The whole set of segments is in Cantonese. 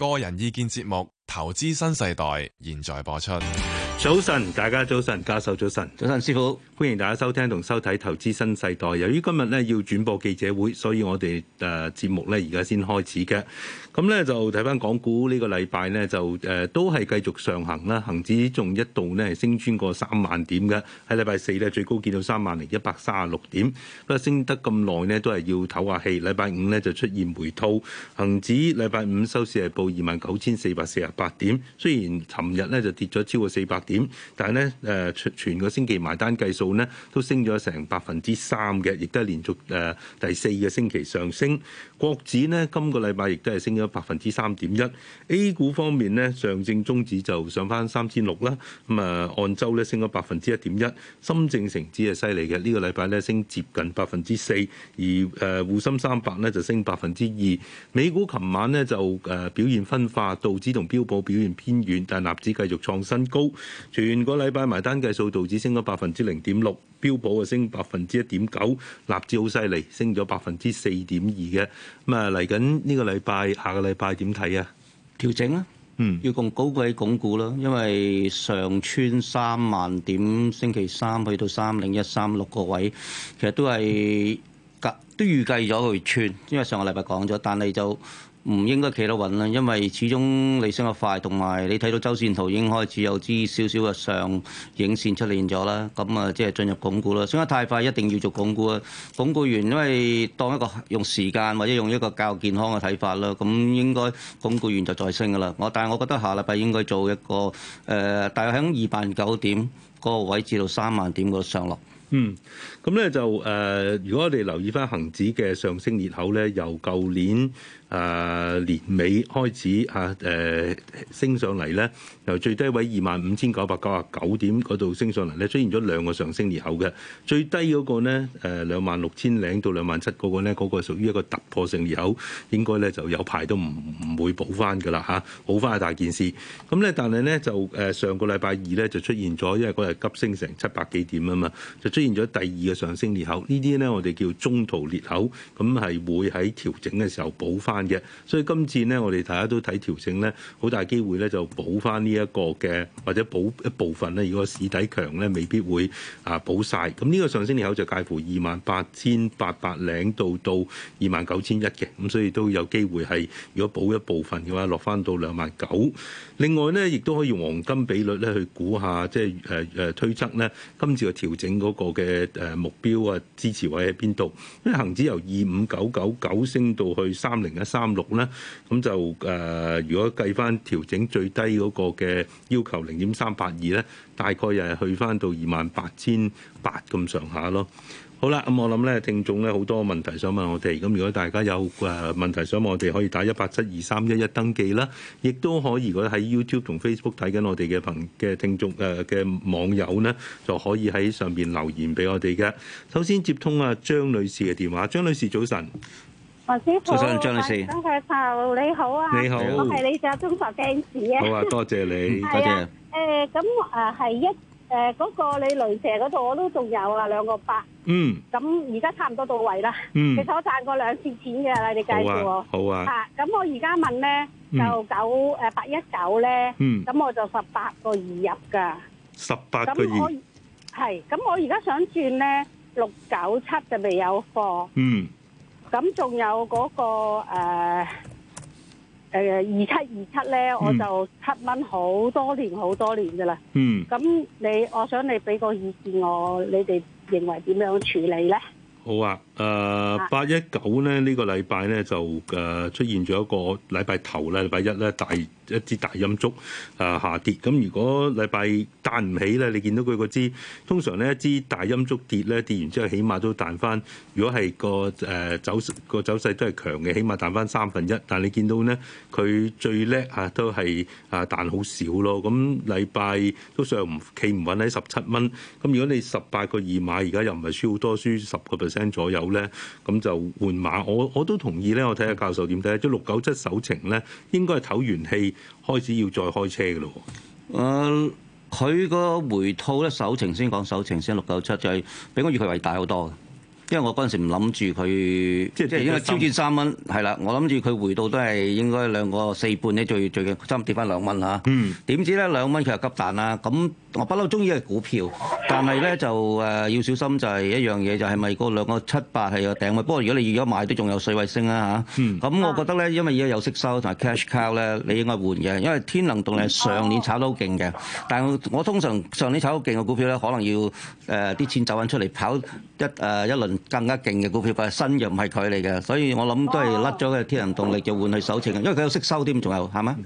個人意見節目《投資新世代》，現在播出。早晨，大家早晨，教授早晨，早晨，師傅，歡迎大家收聽同收睇《投資新世代》。由於今日呢要轉播記者會，所以我哋誒節目咧而家先開始嘅。咁咧就睇翻港股呢、呢個禮拜咧就誒、呃、都係繼續上行啦，恒指仲一度咧升穿過三萬點嘅。喺禮拜四咧最高見到三萬零一百三十六點，不過升得咁耐咧都係要唞下氣。禮拜五咧就出現回吐，恒指禮拜五收市係報二萬九千四百四十八點。雖然尋日咧就跌咗超過四百。點，但係咧，誒、呃，全個星期埋單計數咧，都升咗成百分之三嘅，亦都係連續誒、呃、第四個星期上升。國指呢，今個禮拜亦都係升咗百分之三點一，A 股方面呢，上證綜指就上返三千六啦，咁啊按周咧升咗百分之一點一，深證成指係犀利嘅，呢、這個禮拜咧升接近百分之四，而誒滬深三百咧就升百分之二，美股琴晚呢，就誒、呃、表現分化，道指同標普表現偏軟，但係納指繼續創新高，全個禮拜埋單計數道指升咗百分之零點六。標普啊升百分之一點九，納指好犀利，升咗百分之四點二嘅。咁啊嚟緊呢個禮拜，下個禮拜點睇啊？調整啊，嗯、要共高位鞏固啦。因為上穿三萬點，星期三去到三零一三六個位，其實都係隔都預計咗去穿，因為上個禮拜講咗，但係就。唔應該企得穩啦，因為始終你升得快，同埋你睇到周線圖已經開始有啲少少嘅上影線出就就現咗啦。咁啊，即係進入鞏固啦。升得太快一定要做鞏固啊！鞏固完，因為當一個用時間或者用一個較健康嘅睇法啦，咁應該鞏固完就再升噶啦。我但係我覺得下禮拜應該做一個誒、呃，大概喺二萬九點嗰個位置到三萬點嗰度上落。嗯。咁咧就誒、呃，如果我哋留意翻恒指嘅上升裂口咧，由舊年。誒年尾開始嚇誒、呃、升上嚟咧，由最低位二萬五千九百九十九點嗰度升上嚟咧，出現咗兩個上升裂口嘅。最低嗰個咧誒兩萬六千零到兩萬七嗰個咧，嗰、嗰個屬於一個突破性裂口，應該咧就有排都唔唔會補翻噶啦嚇，補翻係大件事。咁咧，但係咧就誒上個禮拜二咧就出現咗，因為嗰日急升成七百幾點啊嘛，就出現咗第二個上升裂口。呢啲咧我哋叫中途裂口，咁係會喺調整嘅時候補翻。嘅，所以今次呢，我哋大家都睇調整呢，好大機會呢，就補翻呢一個嘅，或者補一部分呢。如果市底強呢，未必會啊補晒。咁呢個上升缺口就介乎二萬八千八百零到到二萬九千一嘅，咁所以都有機會係如果補一部分嘅話，落翻到兩萬九。另外呢，亦都可以用黃金比率呢去估下，即係誒誒推測呢，今次嘅調整嗰個嘅誒目標啊支持位喺邊度？因為恆指由二五九九九升到去三零一三六咧，咁就誒，如果計翻調整最低嗰個嘅要求零點三八二咧，大概又係去翻到二萬八千八咁上下咯。好啦，咁我諗咧，聽眾咧好多問題想問我哋。咁如果大家有誒問題想問我哋，可以打一八七二三一一登記啦，亦都可以喺 YouTube 同 Facebook 睇緊我哋嘅朋嘅聽眾誒嘅網友呢，就可以喺上邊留言俾我哋嘅。首先接通阿張女士嘅電話，張女士早晨！陳生，張女士，阿頭你好啊，你好，我係你隻中投電池啊。好啊，多謝你，多謝。誒，咁啊係一誒個你雷射嗰度我都仲有啊兩個八。嗯。咁而家差唔多到位啦。嗯。其實我賺過兩次錢嘅，你介紹我。好啊。好啊。咁我而家問咧就九誒八一九咧，咁我就十八個二入噶。十八個二。係，咁我而家想轉咧六九七就未有貨。嗯。咁仲有嗰個誒誒二七二七咧，我就七蚊好多年，好多年噶啦。嗯、mm.，咁你我想你俾個意見我，你哋認為點樣處理咧？好啊。誒八一九咧呢、這個禮拜咧就誒、呃、出現咗一個禮拜頭咧，禮拜一咧大一支大陰燭誒下跌。咁如果禮拜彈唔起咧，你見到佢個支通常呢一支大陰燭跌咧，跌完之後起碼都彈翻，如果係個誒、呃、走個走勢都係強嘅，起碼彈翻三分一。但係你見到呢，佢最叻嚇都係啊彈好少咯。咁禮拜都上唔企唔穩喺十七蚊。咁如果你十八個二買，而家又唔係輸好多，輸十個 percent 左右。咧咁就換馬，我我都同意咧。我睇下教授點睇？即六九七首程咧，應該係唞完氣開始要再開車嘅咯。誒、呃，佢個回吐咧首程先講，首程先，首先六九七，就係、是、比我預期為大好多。因為我嗰陣時唔諗住佢，即係應該超跌三蚊，係啦、嗯，我諗住佢回到都係應該兩個四半咧，最最差唔跌翻兩蚊嚇。點知咧兩蚊其實急彈啦，咁我不嬲中意嘅股票，但係咧就誒要小心就係一樣嘢，就係咪個兩個七八係個頂位。不過如果你預咗買都仲有水位升啦吓。咁、啊嗯、我覺得咧，因為而家有息收同埋 cash cow 咧，你應該換嘅，因為天能動力係上年炒得好勁嘅。但係我通常上年炒得好勁嘅股票咧，可能要誒啲、呃呃、錢走緊出嚟跑一誒一,一輪。更加勁嘅股票，但係新嘅唔係佢嚟嘅，所以我諗都係甩咗嘅天，天能動力，就換去首程，因為佢有息收添，仲有係嘛？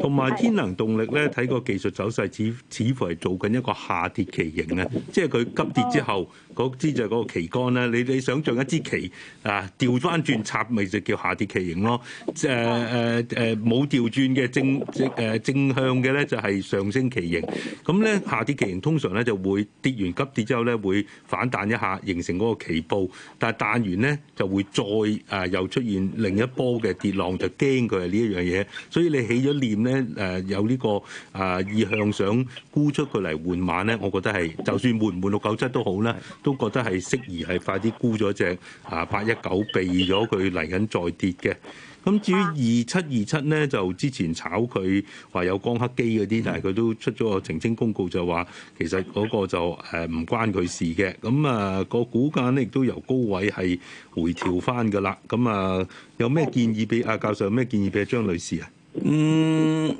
同埋天能動力咧，睇個技術走勢，似似乎係做緊一個下跌旗形啊，即係佢急跌之後。嗰支就係個旗杆啦，你你想象一支旗啊，調翻轉插咪就叫下跌旗形咯。誒誒誒，冇調轉嘅正正誒、呃、正向嘅咧，就係上升旗形。咁咧下跌旗形通常咧就會跌完急跌之後咧會反彈一下，形成嗰個旗布。但係彈完咧就會再啊、呃、又出現另一波嘅跌浪，就驚佢係呢一樣嘢。所以你起咗念咧誒、呃、有呢、呢個啊、呃、意向想沽出佢嚟換馬咧，我覺得係就算換唔換六九七都好啦。都覺得係適宜係快啲沽咗隻啊八一九，避咗佢嚟緊再跌嘅。咁至於二七二七呢，就之前炒佢話有光刻機嗰啲，但係佢都出咗個澄清公告就，就話其實嗰個就誒唔、呃、關佢事嘅。咁啊、個股價呢，亦都由高位係回調翻噶啦。咁啊有咩建議俾阿教授？有咩建議俾阿張女士啊？嗯。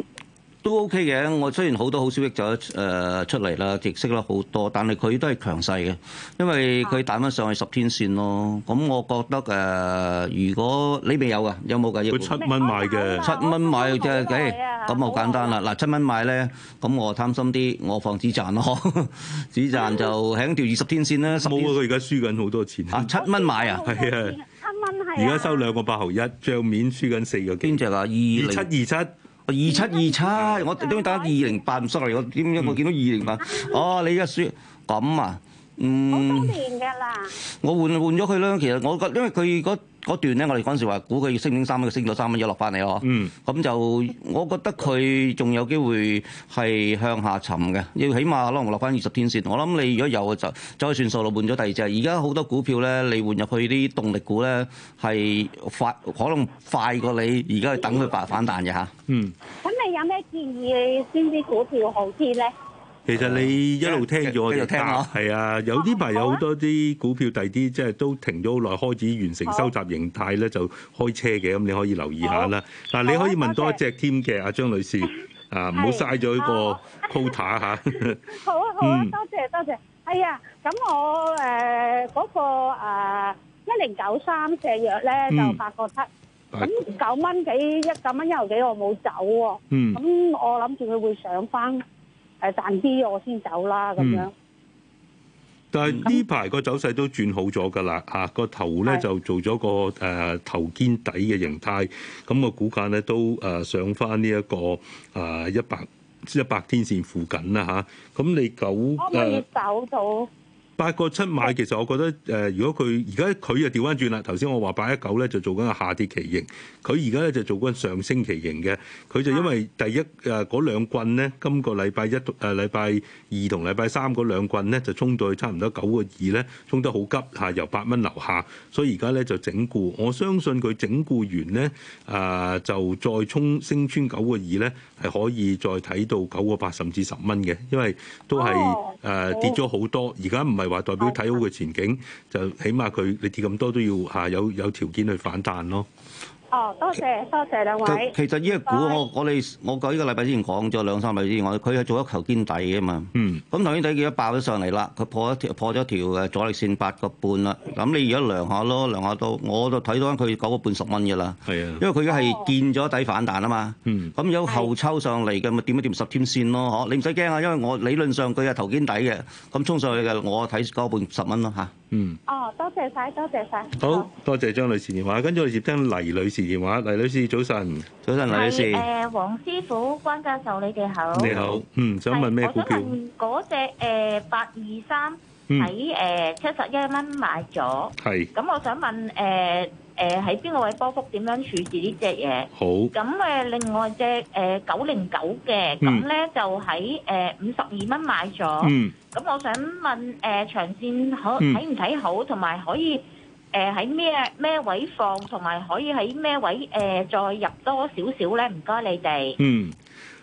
都 OK 嘅，我雖然好多好消息就誒出嚟啦，直息啦好多，但係佢都係強勢嘅，因為佢彈翻上去十天線咯。咁我覺得誒、呃，如果你未有嘅，有冇㗋？佢七蚊買嘅，買七蚊買即係幾咁我簡單啦。嗱餓七蚊買咧，咁我貪心啲，我放止賺咯。止 賺就喺條二十天線啦，冇啊！佢而家輸緊好多錢啊！七蚊買，七買七啊！係啊！七蚊係而家收兩個八毫一，帳面輸緊四個幾。邊隻啊？二七二七。二七二七，27 27, 嗯、我中意打二零八唔出嚟，我點解我見到二零八？哦，你嘅書咁啊？嗯，我多年嘅啦。我換換咗佢啦，其實我覺因為佢嗰。嗰段咧，我哋嗰陣時話估佢升到三蚊，佢升咗三蚊一落翻嚟咯。嗯，咁就我覺得佢仲有機會係向下沉嘅，要起碼可能落翻二十天線。我諗你如果有就就算數咯，換咗第二隻。而家好多股票咧，你換入去啲動力股咧，係快可能快過你而家等佢反反彈嘅嚇。嗯。咁你有咩建議先啲股票好啲咧？其實你一路聽咗我，就係啊，有啲排有好多啲股票，第二啲即係都停咗好耐，開始完成收集形態咧，啊、就開車嘅，咁你可以留意下啦。嗱好，你可以問多一隻添嘅，阿、啊、張女士，啊唔好嘥咗呢個 quota 嚇。好啊好啊，多、 嗯啊、謝多謝。係啊，咁我誒嗰、呃那個一零九三石藥咧，就八個七，咁九蚊幾一九蚊一毫幾，幾我冇走喎、啊。嗯，咁我諗住佢會上翻。誒，賺啲我先走啦，咁樣。嗯、但係呢排個走勢都轉好咗噶啦，啊個頭咧的就做咗個誒、啊、頭肩底嘅形態，咁、那個股價咧都誒上翻呢一個啊一百一百天線附近啦，吓、啊。咁你九可以走到？八個七買，其實我覺得誒，如果佢而家佢又調翻轉啦。頭先我話八一九咧就做緊個下跌旗形，佢而家咧就做緊上升旗形嘅。佢就因為第一誒嗰、呃、兩棍呢，今個禮拜一誒、呃、禮拜二同禮拜三嗰兩棍呢，就衝到去差唔多九個二呢，衝得好急嚇、呃，由八蚊樓下，所以而家呢，就整固。我相信佢整固完呢，誒、呃、就再衝升穿九個二呢，係可以再睇到九個八甚至十蚊嘅，因為都係誒、呃、跌咗好多，而家唔係。話代表睇好嘅前景，就起碼佢你跌咁多都要吓，有有條件去反彈咯。哦，多謝多謝兩位。其實呢個股謝我我哋我個呢個禮拜之前講咗兩三日之前外，佢係做咗頭肩底嘅嘛。嗯，咁頭肩底而家爆咗上嚟啦，佢破一條破咗一條阻力線八個半啦。咁你而家量下咯，量下都我都到我就睇到佢九個半十蚊嘅啦。係啊，因為佢而家係見咗底反彈啊嘛。嗯，咁有、嗯嗯、後抽上嚟嘅咪點一點十天線咯，嗬？你唔使驚啊，因為我理論上佢係頭肩底嘅，咁衝上去嘅我睇九個半十蚊咯吓，嗯。哦，多謝晒，多謝晒。多謝多謝好，好多謝張女士電話，跟住我接聽黎女士。電話黎女士早晨，早晨黎女士，誒黃師傅、關教授，你哋好，你好，嗯，想問咩股票？我想問嗰隻誒八二三喺誒七十一蚊買咗，係，咁我想問誒誒喺邊個位波幅點樣處置呢隻嘢？好，咁誒另外隻誒九零九嘅，咁咧就喺誒五十二蚊買咗，嗯，咁我想問誒長線可睇唔睇好，同埋可以。誒喺咩咩位放，同埋可以喺咩位誒再入多少少咧？唔該你哋。嗯，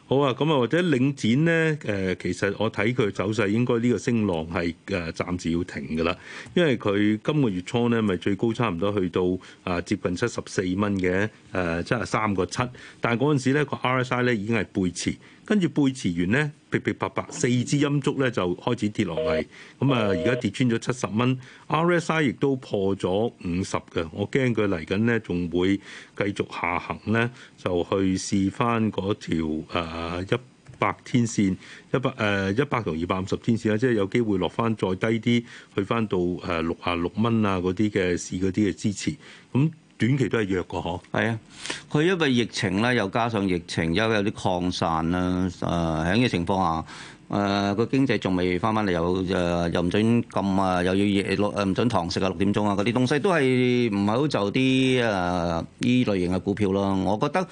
好啊，咁啊或者領展呢，誒、呃、其實我睇佢走勢，應該呢個升浪係誒、呃、暫時要停嘅啦，因為佢今個月初呢咪最高差唔多去到啊、呃、接近七十四蚊嘅，誒七十三個七，但係嗰陣時咧個 RSI 呢已經係背馳。跟住背馳完呢，噼噼啪啪四支陰燭呢，就開始跌落嚟。咁啊，而家跌穿咗七十蚊，RSI 亦都破咗五十嘅。我驚佢嚟緊呢，仲會繼續下行呢，就去試翻嗰條呃，一百天線一百誒一百同二百五十天線啦，即係有機會落翻再低啲，去翻到誒六啊六蚊啊嗰啲嘅試嗰啲嘅支持咁。嗯短期都係弱過，嗬，係啊，佢因為疫情咧，又加上疫情，因為有啲擴散啦，誒、呃，喺呢個情況下。誒個經濟仲未翻翻嚟，又誒又唔準撳啊，又要夜六誒唔準堂食啊，六點鐘啊嗰啲東西都係唔係好就啲誒依類型嘅股票咯。我覺得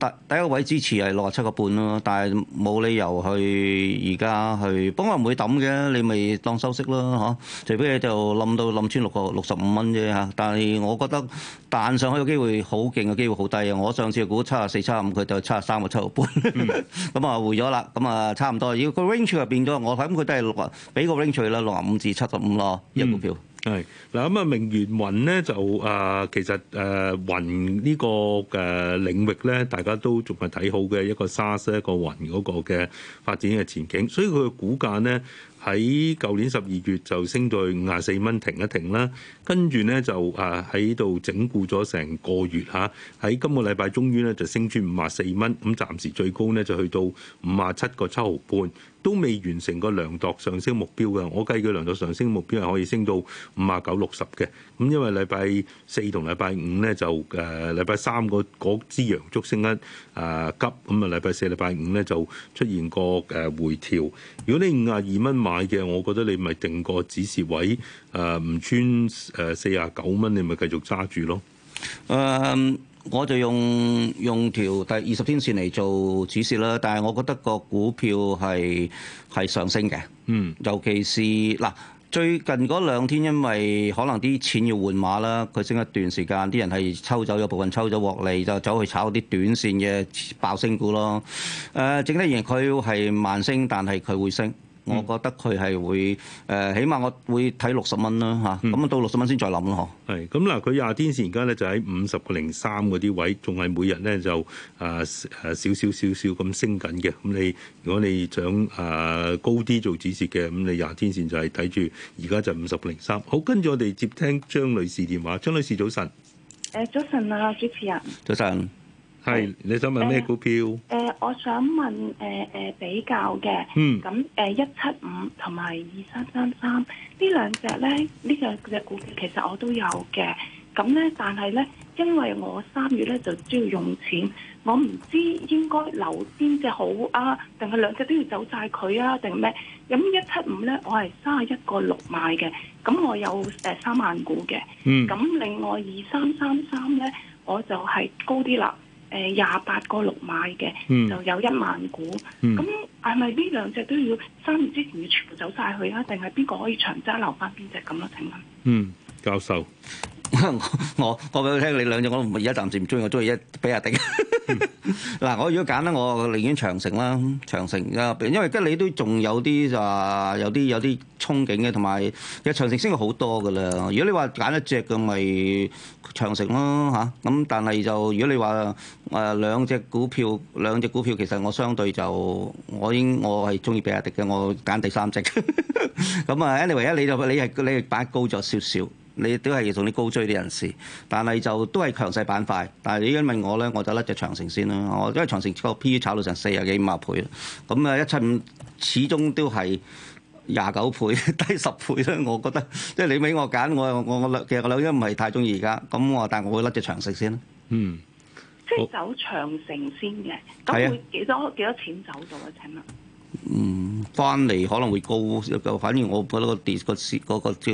第第一個位支持係六十七個半咯，但係冇理由去而家去，不過唔會抌嘅，你咪當收息咯，嗬？除非你就冧到冧穿六個六十五蚊啫嚇。但係我覺得彈上去嘅機會好勁嘅機會好低嘅。我上次估七啊四七啊五，佢就七啊三個七個半，咁啊回咗啦，咁啊差唔多。如果，range 入變咗，我睇咁佢都係六啊，俾個 range 啦，六啊五至七十五咯，一股票。係嗱咁啊，明月雲咧就啊，其實誒、呃、雲呢個誒領域咧，大家都仲係睇好嘅一個 SARS 一個雲嗰個嘅發展嘅前景，所以佢嘅估價咧。喺舊年十二月就升到五廿四蚊停一停啦，跟住呢就啊喺度整固咗成個月嚇，喺今個禮拜終於呢，就升穿五廿四蚊，咁暫時最高呢，就去到五廿七個七毫半，都未完成個量度上升目標嘅。我計佢量度上升目標係可以升到五廿九六十嘅。咁因為禮拜四同禮拜五呢，就誒禮拜三嗰支陽燭升得啊急，咁啊禮拜四禮拜五呢，就出現個誒回調。如果你五廿二蚊買嘅，我覺得你咪定個指示位，誒唔穿誒四廿九蚊，你咪繼續揸住咯。誒，我就用用條第二十天線嚟做指示啦。但係我覺得個股票係係上升嘅，嗯，尤其是嗱最近嗰兩天，因為可能啲錢要換碼啦，佢升一段時間，啲人係抽走咗部分，抽咗獲利就走去炒啲短線嘅爆升股咯。誒、呃，整體而言佢係慢升，但係佢會升。我覺得佢係會誒、呃，起碼我會睇六十蚊啦嚇，咁啊、嗯、到六十蚊先再諗咯嗬。係，咁嗱佢廿天線而家咧就喺五十個零三嗰啲位，仲係每日咧就誒誒少少少少咁升緊嘅。咁你如果你想誒、呃、高啲做指示嘅，咁你廿天線就係睇住而家就五十個零三。好，跟住我哋接聽張女士電話，張女士早晨。誒早晨啊，主持人。早晨。早係你想問咩股票？誒、嗯嗯，我想問誒誒、呃、比較嘅，咁誒一七五同埋二三三三呢兩隻咧，呢兩隻股票其實我都有嘅，咁咧但係咧因為我三月咧就需要用錢，我唔知應該留邊隻好啊，定係兩隻都要走晒佢啊，定咩？咁一七五咧我係三十一個六買嘅，咁我有誒三萬股嘅，咁另外二三三三咧我就係高啲啦。誒廿八個六買嘅，嗯、就有一萬股。咁係咪呢兩隻都要三年之前要全部走晒去啊？定係邊個可以長揸留翻邊隻咁囉？請問，嗯，教授。我我俾佢聽，你兩隻我都唔係而家暫時唔中意，我中意一比亞迪。嗱，我如果揀咧，我寧願長城啦，長城而家，因為吉利都仲有啲啊，有啲有啲憧憬嘅，同埋其實長城升咗好多噶啦。如果你話揀一隻嘅咪長城咯嚇，咁但係就如果你話誒兩隻股票，兩隻股票其實我相對就我已經我係中意比亞迪嘅，我揀第三隻。咁啊，anyway，一你就你係你係擺高咗少少。你都係要同啲高追啲人士，但係就都係強勢板塊。但係你問我咧，我就甩隻長城先啦。我因為長城個 PE 炒到成四十幾五十倍啦，咁啊一七五始終都係廿九倍、低十倍啦。我覺得即係你俾我揀，我我我其實我兩因唔係太中意而家，咁我但係我會甩隻長城先啦。嗯，即係走長城先嘅，咁會幾多幾、啊、多錢走到啊？請問？嗯，翻嚟可能會高，反而我覺得、個跌、個市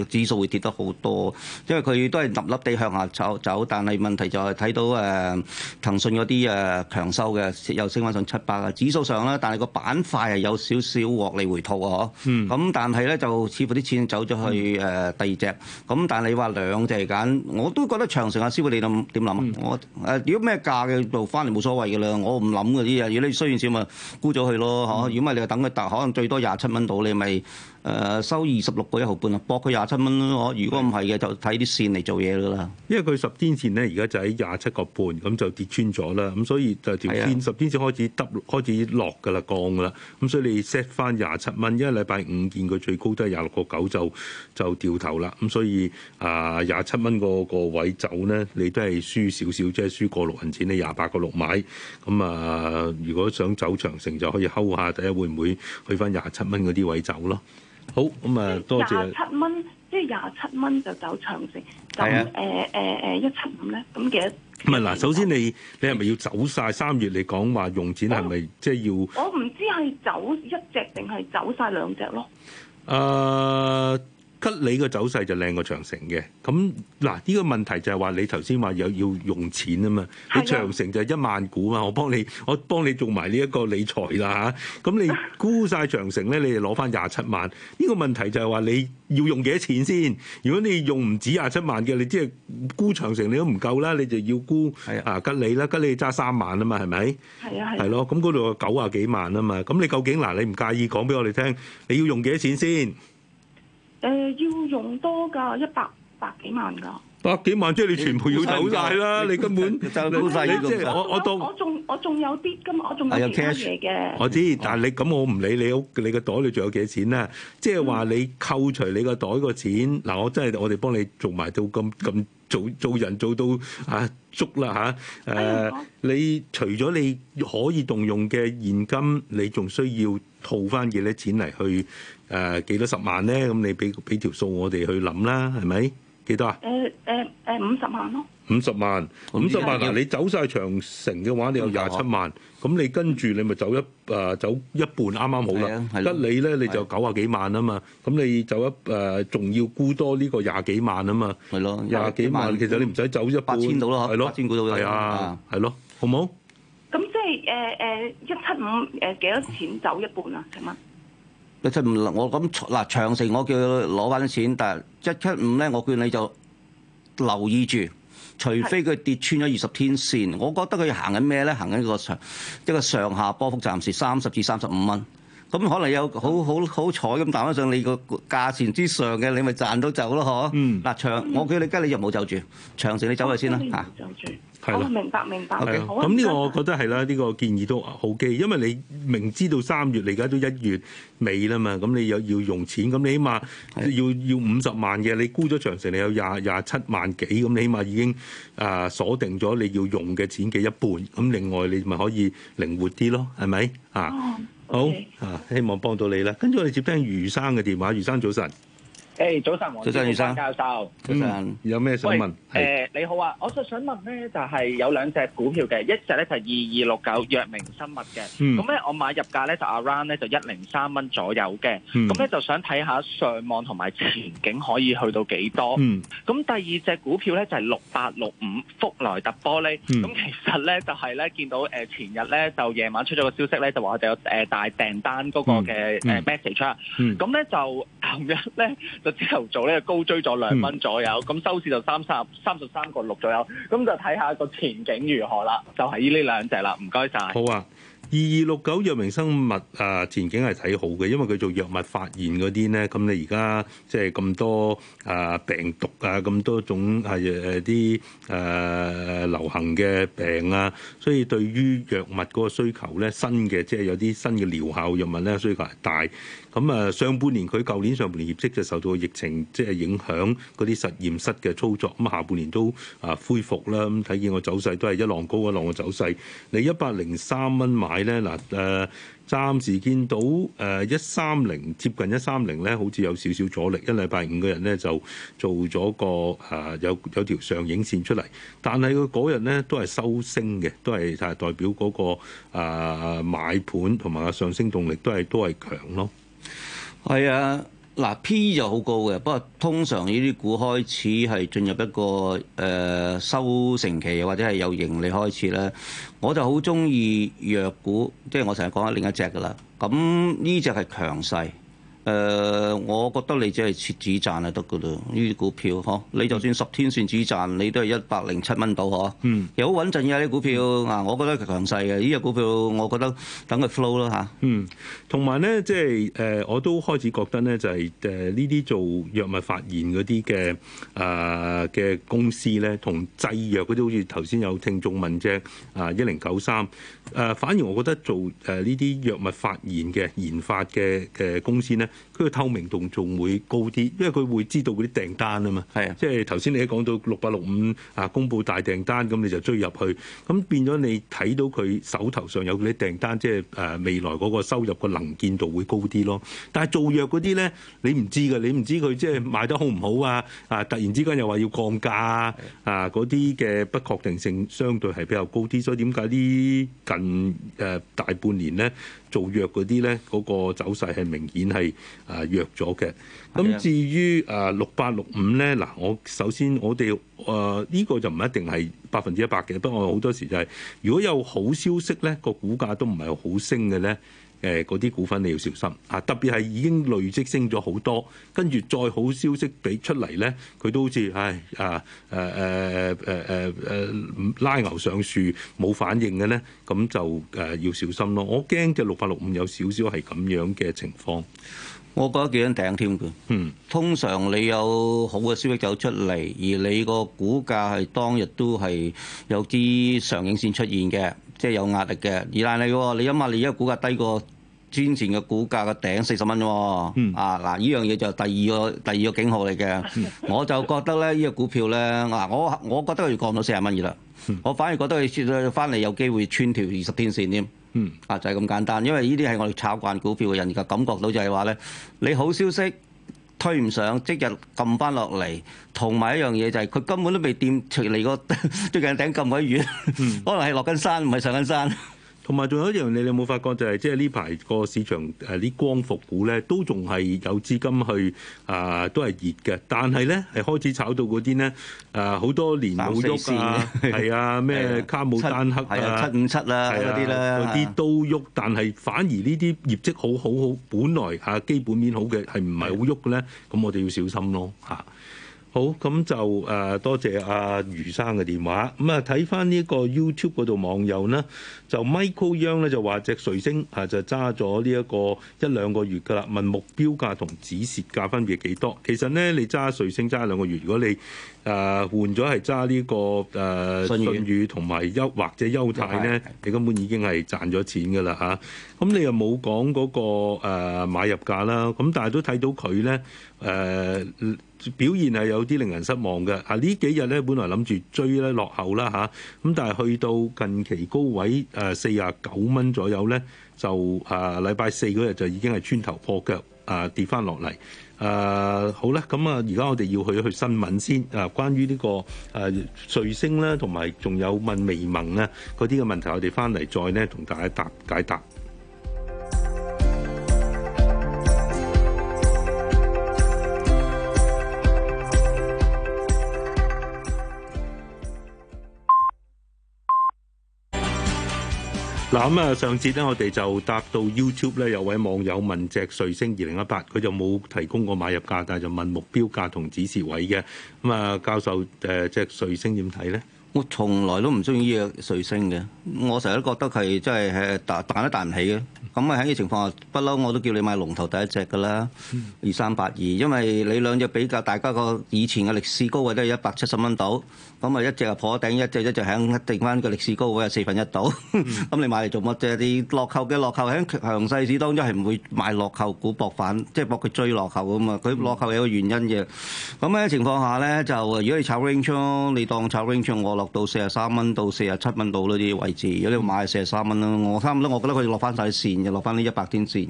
指數會跌得好多，因為佢都係立粒地向下走走，但係問題就係睇到誒、呃、騰訊嗰啲誒強收嘅，又升翻上七百啊！指數上啦，但係個板塊係有少少獲利回吐啊。咁、嗯、但係咧就似乎啲錢走咗去誒、啊、第二隻，咁但係你話兩隻嚟揀，我都覺得長城啊，師傅你諗點諗啊？我誒如果咩價嘅度翻嚟冇所謂嘅啦，我唔諗嗰啲嘢，如果你雖然少咪沽咗佢咯，嚇、啊，如果咪你。等佢達可能最多廿七蚊到，你咪。誒收二十六個一毫半啦，搏佢廿七蚊咯，如果唔係嘅就睇啲線嚟做嘢噶啦。因為佢十天線咧，而家就喺廿七個半，咁就跌穿咗啦。咁所以就條線的十天線開始耷開始落噶啦，降噶啦。咁所以你 set 翻廿七蚊，因為禮拜五見佢最高都係廿六個九，就就掉頭啦。咁所以啊，廿七蚊個位走咧，你都係輸少少，即、就、係、是、輸過六銀錢。你廿八個六買，咁啊、呃，如果想走長城就可以睺下睇下會唔會去翻廿七蚊嗰啲位走咯。好咁啊，多謝七蚊，即係廿七蚊就走長城，走。誒誒誒一七五咧，咁嘅、呃。唔係嗱，1, 首先你你係咪要走晒三月？你講話用錢係咪即係要？我唔知係走一隻定係走晒兩隻咯。誒、呃。吉利嘅走勢就靚過長城嘅，咁嗱呢個問題就係話你頭先話又要用錢啊嘛，的你長城就係一萬股啊嘛，我幫你我幫你做埋呢一個理財啦嚇，咁、啊、你沽晒長城咧，你就攞翻廿七萬，呢、這個問題就係話你要用幾多錢先？如果你用唔止廿七萬嘅，你即係沽長城你都唔夠啦，你就要沽的啊吉利啦，吉利揸三萬啊嘛，係咪？係啊係。係咯，咁嗰度九啊幾萬啊嘛，咁你究竟嗱你唔介意講俾我哋聽，你要用幾多錢先？誒、呃、要用多㗎，一百百幾萬㗎，百幾萬即係你全部要走晒啦！你，你根本走晒，你即係我我仲我仲我仲有啲今日我仲有啲嘢嘅。我知，但係你咁，我唔理你屋你個袋裏仲有幾錢啦。即係話你扣除你個袋個錢，嗱、嗯，我真係我哋幫你做埋到咁咁做做人做到啊足啦吓。誒，啊哎、呦你除咗你可以動用嘅現金，你仲需要套返幾多錢嚟去誒幾多十萬咧？咁你俾俾條數我哋去諗啦，係咪？幾多啊？誒誒誒五十萬咯！五十萬，五十萬嗱，你走曬長城嘅話，你有廿七萬，咁你跟住你咪走一誒走一半，啱啱好啦。係啊，係咯。得你咧，你就九啊幾萬啊嘛，咁你走一誒，仲要沽多呢個廿幾萬啊嘛。係咯，廿幾萬其實你唔使走一半，八千到咯，嚇，八千沽到嘅係啊，係咯，好冇？咁即係誒誒一七五誒幾多錢走一半啊？係嘛？你即係我咁嗱長城我叫攞翻啲錢，但係一七五咧，我叫你就留意住，除非佢跌穿咗二十天線。我覺得佢行緊咩咧？行緊一個上一個上下波幅，暫時三十至三十五蚊。咁可能有好好好彩咁彈翻上你個價錢之上嘅，你咪賺到走咯，嗬嗱、嗯啊、長、嗯、我叫你，而家你入冇就住長城你，嗯啊、你走埋先啦住，係咯了，明白明白。咁呢了好個我覺得係啦，呢、呢個建議都好機，因為你明知道三月你而家都一月尾啦嘛，咁你又要用錢，咁你起碼要要五十萬嘅，你沽咗長城你有廿廿七萬幾，咁你起碼已經啊鎖定咗你要用嘅錢嘅一半，咁另外你咪可以靈活啲咯，係咪啊？嗯好啊，希望幫到你啦。跟住我哋接聽余生嘅電話，余生早晨。誒，hey, 早晨，黃教授，嗯、早晨上，有咩想問？誒 Hey,、呃，你好啊，我就想問咧，就係、是、有兩隻股票嘅，一隻咧就二二六九藥明生物嘅，咁咧、嗯、我買入價咧就 around 咧就一零三蚊左右嘅，咁咧、嗯、就想睇下上網同埋前景可以去到幾多？咁、嗯、第二隻股票咧就係六八六五福萊特玻璃，咁、嗯、其實咧就係、是、咧見到誒前日咧就夜晚出咗個消息咧，就話我哋有誒大訂單嗰個嘅誒 message 啊，咁咧、嗯嗯嗯嗯、就。琴日咧就朝頭早咧高追咗兩蚊左右，咁收市就三十三十三個六左右，咁就睇下個前景如何啦。就係呢兩隻啦，唔該晒。好啊，二二六九藥明生物啊，前景係睇好嘅，因為佢做藥物發現嗰啲咧，咁你而家即係咁多啊病毒啊，咁多種係誒啲誒流行嘅病啊，所以對於藥物嗰個需求咧，新嘅即係有啲新嘅療效藥物咧，需求係大。咁啊，上半年佢舊年上半年業績就受到疫情即係影響嗰啲實驗室嘅操作，咁下半年都啊恢復啦。咁睇見個走勢都係一浪高一浪嘅走勢。你一百零三蚊買咧，嗱，誒，暫時見到誒一三零接近一三零咧，好似有少少阻力。一禮拜五嘅人咧就做咗個啊、呃、有有條上影線出嚟，但係佢嗰日咧都係收升嘅，都係係代表嗰、那個啊、呃、買盤同埋上升動力都係都係強咯。係啊，嗱 P 就好高嘅，不過通常呢啲股開始係進入一個誒、呃、收成期，或者係有盈利開始咧，我就好中意弱股，即係我成日講緊另一隻噶啦。咁呢隻係強勢。誒、呃，我覺得你只係設止賺就得㗎喇！呢啲股票，嗬、嗯，你就算十天算止賺，你都係一百零七蚊到，嗬。嗯。其實好穩陣嘅啲股票，啊，我覺得強勢嘅呢隻股票，我覺得等佢 flow 咯嚇。嗯。同埋咧，即係誒，我都開始覺得咧，就係誒呢啲做藥物發現嗰啲嘅啊嘅公司咧，同製藥嗰啲好似頭先有聽眾問啫。啊一零九三，誒、呃，反而我覺得做誒呢啲藥物發現嘅研發嘅嘅、呃、公司咧。佢個透明度仲會高啲，因為佢會知道嗰啲訂單啊嘛，的即係頭先你一講到六八六五啊，公布大訂單咁你就追入去，咁變咗你睇到佢手頭上有啲訂單，即係誒未來嗰個收入個能見度會高啲咯。但係做藥嗰啲咧，你唔知嘅，你唔知佢即係賣得好唔好啊？啊，突然之間又話要降價的啊！嗰啲嘅不確定性相對係比較高啲，所以點解呢近誒大半年咧？做弱嗰啲呢，嗰個走勢係明顯係啊弱咗嘅。咁至於啊六八六五呢，嗱我首先我哋啊呢個就唔一定係百分之一百嘅，不過好多時就係、係、如果有好消息呢，個股價都唔係好升嘅呢。誒嗰啲股份你要小心啊！特別係已經累積升咗好多，跟住再好消息俾出嚟咧，佢都好似唉啊誒誒誒誒誒拉牛上樹冇反應嘅咧，咁、嗯、就誒要小心咯。我驚隻六百六五有少少係咁樣嘅情況，我覺得幾緊頂添嘅。嗯，通常你有好嘅消息走出嚟，而你個股價係當日都係有啲上影線出現嘅。即係有壓力嘅，而但係你，你一你而家股價低過先前嘅股價嘅頂四十蚊喎。Mm. 啊，嗱，呢樣嘢就第二個第二個警號嚟嘅。 我就覺得咧，依、呢個股票咧，嗱，我我覺得佢降到四十蚊嘅啦。Mm. 我反而覺得佢翻嚟有機會穿條二十天線添。Mm. 啊，就係、是、咁簡單，因為呢啲係我哋炒慣股票嘅人而家感覺到就係話咧，你好消息。推唔上，即日撳翻落嚟，同埋一樣嘢就係、是、佢根本都未掂，嚟個最近頂咁鬼遠， 可能係落緊山，唔係上緊山。 同埋仲有一樣嘢，你有冇發覺就係即係呢排個市場誒啲光伏股咧，都仲係有資金去啊、呃，都係熱嘅。但係咧，係開始炒到嗰啲咧啊，好多年冇喐啊，係 啊，咩卡姆丹克啊，七、啊七五七啦嗰啲啦，嗰啲、啊、都喐。但係反而呢啲業績好好好，本來嚇基本面好嘅係唔係好喐咧？咁的我哋要小心咯、啊、嚇，啊。好，咁就誒、呃、多謝阿、啊、余生嘅電話。咁啊睇翻呢個 YouTube 嗰度，網友呢就 Michael Young 咧就話隻瑞星啊就揸咗呢一個一兩個月噶啦，問目標價同止蝕價分別幾多？其實呢，你揸瑞星揸兩個月，如果你誒、呃、換咗係揸呢個誒、呃、信譽同埋優或者優貸呢，的你根本已經係賺咗錢噶啦。嚇，咁你又冇講嗰個誒、呃、買入價啦，咁但係都睇到佢呢。誒、呃。呃呃表現係有啲令人失望嘅啊！呢幾日咧，本來諗住追咧，落後啦嚇咁，但係去到近期高位誒四十九蚊左右咧，就誒禮拜四嗰日就已經係穿頭破腳啊，跌翻落嚟誒好啦。咁啊，而家、啊、我哋要去去新聞先啊，關於呢、這個誒、啊、瑞星咧，同埋仲有問微盟啊嗰啲嘅問題我，我哋翻嚟再咧同大家答解答。解答嗱咁啊，上次咧我哋就答到 YouTube 咧有位網友問隻瑞星二零一八，佢就冇提供過買入價，但係就問目標價同指示位嘅。咁啊，教授誒隻、呃、瑞星點睇咧？我從來都唔中意呢隻瑞星嘅，我成日都覺得係即係誒彈一彈得彈唔起嘅。咁啊喺呢情況下，不嬲我都叫你買龍頭第一隻㗎啦，二三八二，因為你兩隻比較，大家個以前嘅歷史高位都係一百七十蚊度。咁啊一隻又破頂，一隻一隻喺一定翻個歷史高位啊四分一度，咁、mm. 你買嚟做乜啫？你落後嘅落後喺強勢市當中係唔會買落後股博反，即、就、係、是、博佢追落後咁啊！佢落後有個原因嘅。咁咩情況下咧就，如果你炒 r i n g t o n 你當炒 r i n g t o n 我落到四十三蚊到四十七蚊度嗰啲位置，mm. 如果你買四十三蚊啦，我差唔多。我覺得佢落翻晒線就落翻呢一百天線，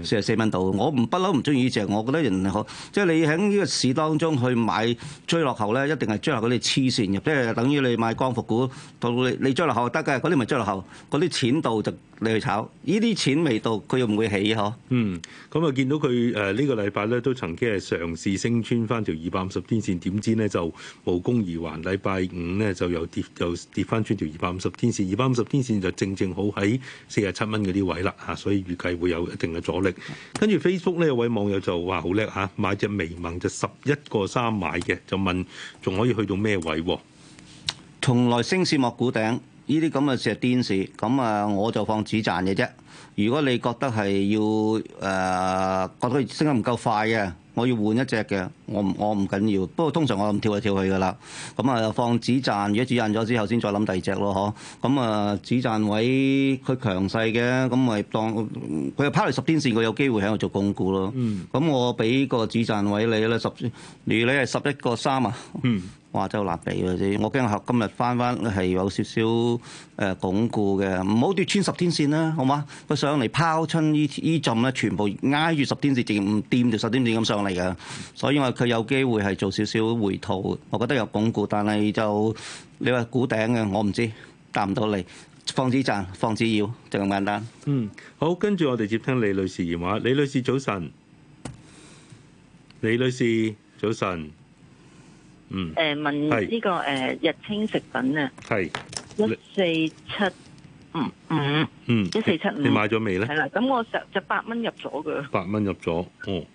四十四蚊度。的我唔不嬲唔中意呢隻，我覺得人好，即、就、係、是、你喺呢個市當中去買追落後咧，一定係追下嗰啲黐線。即係等於你買光伏股，到你你追落後得㗎，嗰啲咪追落後嗰啲錢度就。你去炒呢啲錢未到，佢又唔會起嗬。嗯，咁啊見到佢誒、呃這個、呢個禮拜咧都曾經係嘗試升穿翻條二百五十天線，點知呢，就無功而還。禮拜五呢，就又跌又跌翻穿條二百五十天線，二百五十天線就正正好喺四十七蚊嗰啲位啦嚇，所以預計會有一定嘅阻力。跟住 Facebook 呢，有位網友就話好叻嚇，買隻微盟就十一個三買嘅，就問仲可以去到咩位？從來升市莫估頂。呢啲咁嘅成日跌市，咁啊，我就放止賺嘅啫。如果你覺得係要，誒、呃，覺得佢升得唔夠快嘅，我要換一隻嘅，我唔，我唔緊要。不過通常我咁跳嚟跳去噶啦，咁啊放止賺。如果止賺咗之後，先再諗第二隻咯，嗬。咁啊，止賺位佢強勢嘅，咁咪當佢又拋嚟十天線，佢有機會喺度做鞏固咯。咁、嗯、我俾個止賺位你啦。十，例如你係十一個三啊。嗯話州立地嘅啫，我驚下今日翻翻係有少少誒鞏固嘅，唔好跌穿十天線啦，好嗎？佢上嚟拋親依依浸咧，全部挨住十天線，直唔掂住十天線咁上嚟㗎，所以話佢有機會係做少少回吐，我覺得有鞏固，但係就你話估頂嘅，我唔知，答唔到你。放之賺，放之要，就咁簡單。嗯，好，跟住我哋接聽李女士電話。李女士早晨，李女士早晨。嗯，誒，問呢個誒日清食品啊，係一四七五五，嗯，嗯一四七五，你買咗未咧？係啦，咁我就就八蚊入咗嘅，八蚊入咗，嗯、哦。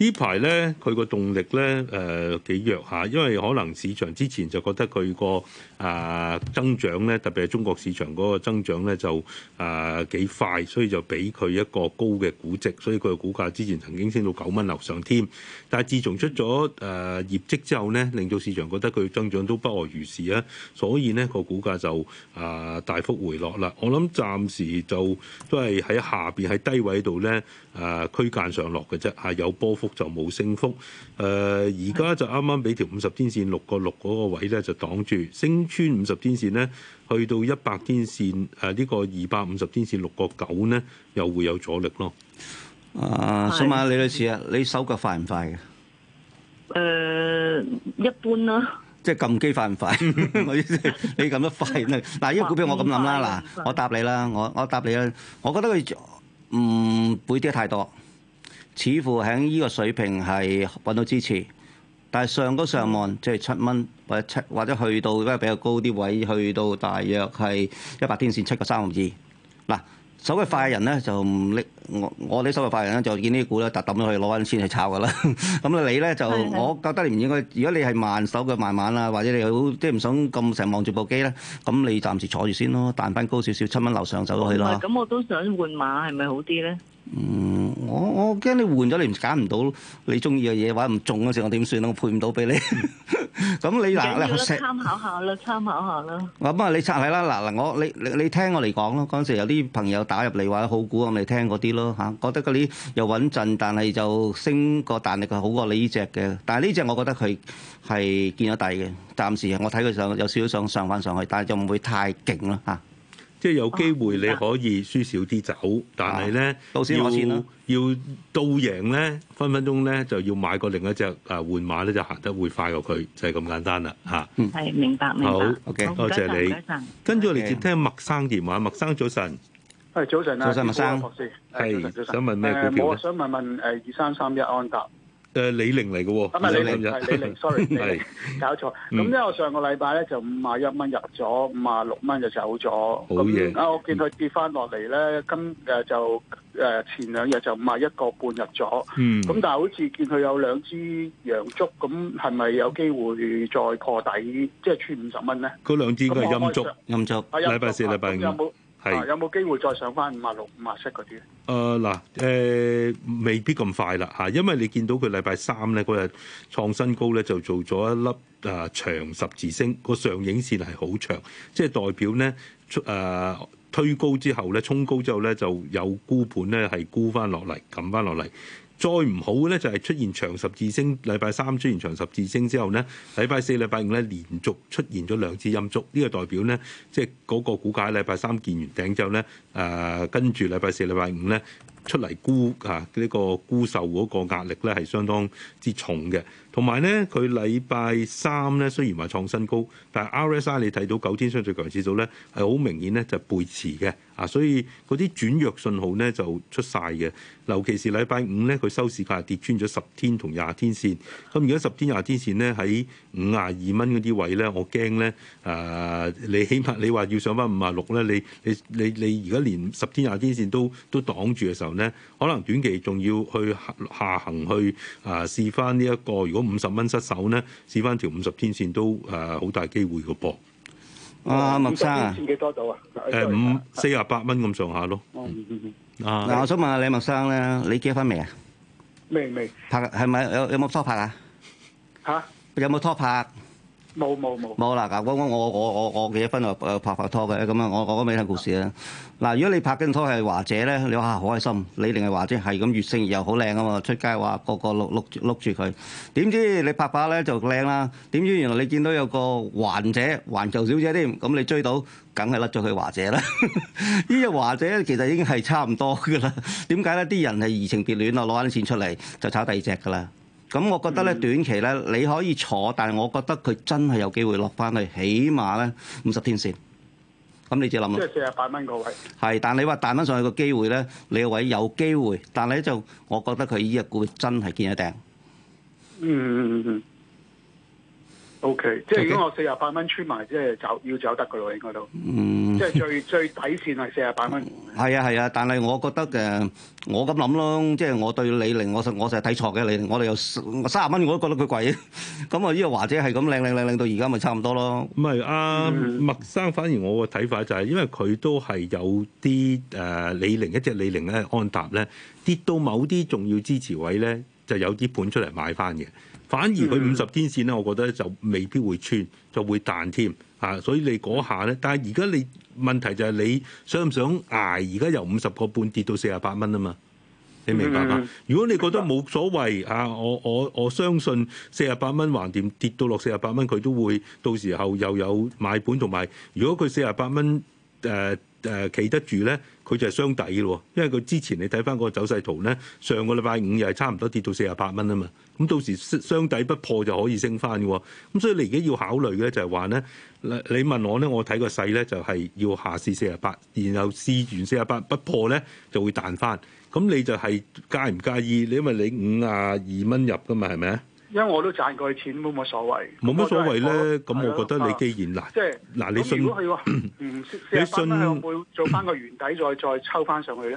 呢排咧佢個動力咧誒幾弱下，因為可能市場之前就覺得佢個啊增長咧，特別係中國市場嗰個增長咧就啊幾快，所以就俾佢一個高嘅估值，所以佢個股價之前曾經升到九蚊樓上添。但係自從出咗誒業績之後咧，令到市場覺得佢增長都不外如是啊，所以咧個股價就啊大幅回落啦。我諗暫時就都係喺下邊喺低位度咧啊區間上落嘅啫，係有波幅。勝呃、就冇升幅。誒，而家就啱啱俾條五十天線六個六嗰個位咧就擋住，升穿五十天線咧，去到一百天線，誒、呃，呢、這個二百五十天線六個九咧，又會有阻力咯。啊是，想問李女士啊，你手腳快唔快嘅？誒、呃，一般啦。即係撳機快唔快？ 你撳得快咧？嗱，呢個股票我咁諗啦，嗱，我答你啦，我我答你啦，我覺得佢唔會跌太多。似乎喺呢個水平係揾到支持，但係上高上望即係七蚊或者七或者去到比較高啲位，去到大約係一百天線七個三毫二。嗱，手腳快嘅人咧就唔搦我我啲手腳快嘅人咧就見啲股咧，特揼咗去攞翻先去炒㗎啦。咁你咧就我覺得你唔應該，如果你係慢手嘅慢慢啊，或者你好即係唔想咁成望住部機咧，咁你暫時坐住先咯，彈翻高少少七蚊樓上走落去啦。咁我都想換碼，係咪好啲咧？嗯，我，我驚你換咗你唔揀，唔到你中意嘅嘢，或者唔中嗰時我點算啊？我配唔到俾你。咁 你嗱， 你參考下啦，參考下啦。咁啊，你拆睇啦，嗱嗱，我你你你聽我嚟講咯。嗰陣時有啲朋友打入嚟話好估我你聽嗰啲咯嚇。覺得嗰啲又穩陣，但係就升個彈力係好過你呢隻嘅。但係呢隻我覺得佢係見咗底嘅，暫時我睇佢上有少少想上翻上，上去，但係就唔會太勁啦嚇。啊即係有機會你可以輸少啲走，但係咧、啊、要要到贏咧分分鐘咧就要買個另一隻啊換馬咧就行得會快過佢，就係、是、咁簡單啦嚇。係、嗯、好明白明白 OK，多謝你。謝你跟住我嚟接聽麥生電話。麥生早晨。係早晨啊晨，早晨麥生。係想問咩股票？我想問問誒二三三一安踏。誒，李寧嚟嘅，咁啊李寧係李寧，sorry，李寧搞錯。咁因為我上個禮拜咧就五十一蚊入咗，五十六蚊就走咗，好嘢。啊，我見佢跌翻落嚟咧，今誒就誒前兩日就五十一個半入咗，嗯。咁但係好似見佢有兩支陽燭，咁係咪有機會再破底，即係穿五十蚊咧？嗰兩支應該係陰燭，陰燭。禮拜四、禮拜五。係是、啊、有冇機會再上翻五啊六、五啊七嗰啲？誒嗱誒，未必咁快啦嚇，因為你見到佢禮拜三咧嗰日創新高咧，就做咗一粒誒、呃、長十字星，個上影線係好長，即係代表咧出、呃、推高之後咧，衝高之後咧就有沽盤咧係沽翻落嚟，撳翻落嚟。再唔好咧，就係、是、出現長十字星。禮拜三出現長十字星之後咧，禮拜四、禮拜五咧連續出現咗兩次陰燭，呢、這個代表咧，即係嗰個股價喺禮拜三見完頂之後咧，誒跟住禮拜四、禮拜五咧出嚟沽啊呢、這個沽售嗰個壓力咧係相當之重嘅。同埋咧，佢禮拜三咧雖然話創新高，但係 RSI 你睇到九天相對強勢指數咧係好明顯咧就背馳嘅啊，所以嗰啲轉弱信號咧就出晒嘅。尤其是禮拜五咧，佢收市價跌穿咗十天同廿天線。咁如果十天廿天線咧喺五十二蚊嗰啲位咧，我驚咧啊！你起碼你話要上翻五十六咧，你你你你而家連十天廿天線都都擋住嘅時候咧，可能短期仲要去下行去啊試翻呢一個如果。五十蚊失手咧，試翻條五十天線都誒好大機會嘅噃。啊，麥生，天線幾多度啊？誒五四廿八蚊咁上下咯。嗱，我想問阿李麥生咧，你結婚未啊？未未拍係咪有有冇拖拍啊？嚇！有冇拖拍？冇冇冇。冇啦，嗱，講講我我我我結咗婚啊，誒，拍拍拖嘅咁啊，我我講俾你聽故事啊。嗱，如果你拍緊拖係華姐咧，你話啊好開心。你定係華姐係咁越升越又好靚啊嘛，出街話個個碌碌碌住佢。點知你拍拍咧就靚啦？點知原來你見到有個環姐、環球小姐添，咁你追到，梗係甩咗佢華姐啦。呢隻華姐其實已經係差唔多噶啦。點解咧？啲人係移情別戀啊，攞啲錢出嚟就炒第二隻噶啦。咁我覺得咧短期咧你可以坐，但係我覺得佢真係有機會落翻去，起碼咧五十天線。咁你自己諗啊。即係四十八蚊個位。係，但你話彈翻上去個機會咧，你個位有機會，但係咧就我覺得佢依一股真係見一頂、嗯。嗯嗯嗯。O Okay. K，Okay. 即係如果我四廿八蚊穿埋，即係就要走得嘅咯，應該都，嗯、即係最最底線係四廿八蚊。係啊係啊，但係我覺得嘅，我咁諗咯，即、就、係、是、我對李寧，我我成日睇錯嘅。李寧我哋有三十蚊，我都覺得佢貴。咁啊，呢個華姐係咁靚靚靚靚，靚，靚，靚到而家咪差唔多咯。唔係啊，麥生反而我個睇法就係、是，因為佢都係有啲誒、呃、李寧一隻李寧咧安踏咧跌到某啲重要支持位咧，就有啲盤出嚟買翻嘅。反而佢五十天線咧，我覺得就未必會穿，就會彈添嚇、啊。所以你嗰下咧，但係而家你問題就係你想唔想捱？而、啊、家由五十個半跌到四十八蚊啊嘛，你明白嗎？如果你覺得冇所謂嚇、啊，我我我相信四十八蚊橫掂跌到落四十八蚊，佢都會到時候又有買盤同埋。如果佢四十八蚊誒。呃誒企、呃、得住咧，佢就係雙底咯，因為佢之前你睇翻嗰個走勢圖咧，上個禮拜五又係差唔多跌到四十八蚊啊嘛，咁到時雙底不破就可以升翻嘅，咁所以你而家要考慮嘅就係話咧，你問我咧，我睇個勢咧就係、是、要下試四十八，然後試完四十八不破咧就會彈翻，咁你就係介唔介意？你因為你五十二蚊入嘅嘛，係咪啊？因為我都賺過錢，冇乜所謂。冇乜、就是、所謂咧，咁我覺得你既然嗱，即係嗱，嗱啊、你信？如果係喎，嗯， 試試你信會做翻個原底再，再再抽翻上去咧？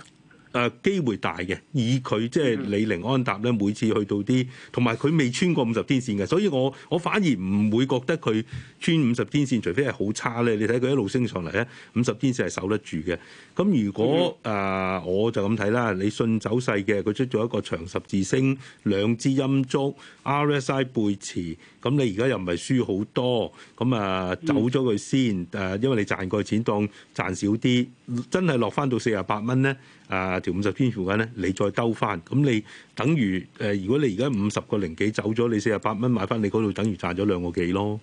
誒、啊、機會大嘅，以佢即係李寧安踏咧，每次去到啲同埋佢未穿過五十天線嘅，所以我我反而唔會覺得佢穿五十天線，除非係好差咧。你睇佢一路升上嚟咧，五十天線係守得住嘅。咁如果誒、嗯呃、我就咁睇啦，你順走勢嘅佢出咗一個長十字星，兩支陰燭 R、SI 啊、S I 背馳咁，你而家又唔係輸好多咁啊走咗佢先誒，因為你賺過錢當賺少啲，真係落翻到四廿八蚊咧。啊！條五十天附近咧，你再兜翻，咁你等於誒、呃，如果你而家五十個零幾走咗，你四十八蚊買翻你嗰度，等於賺咗兩個幾咯。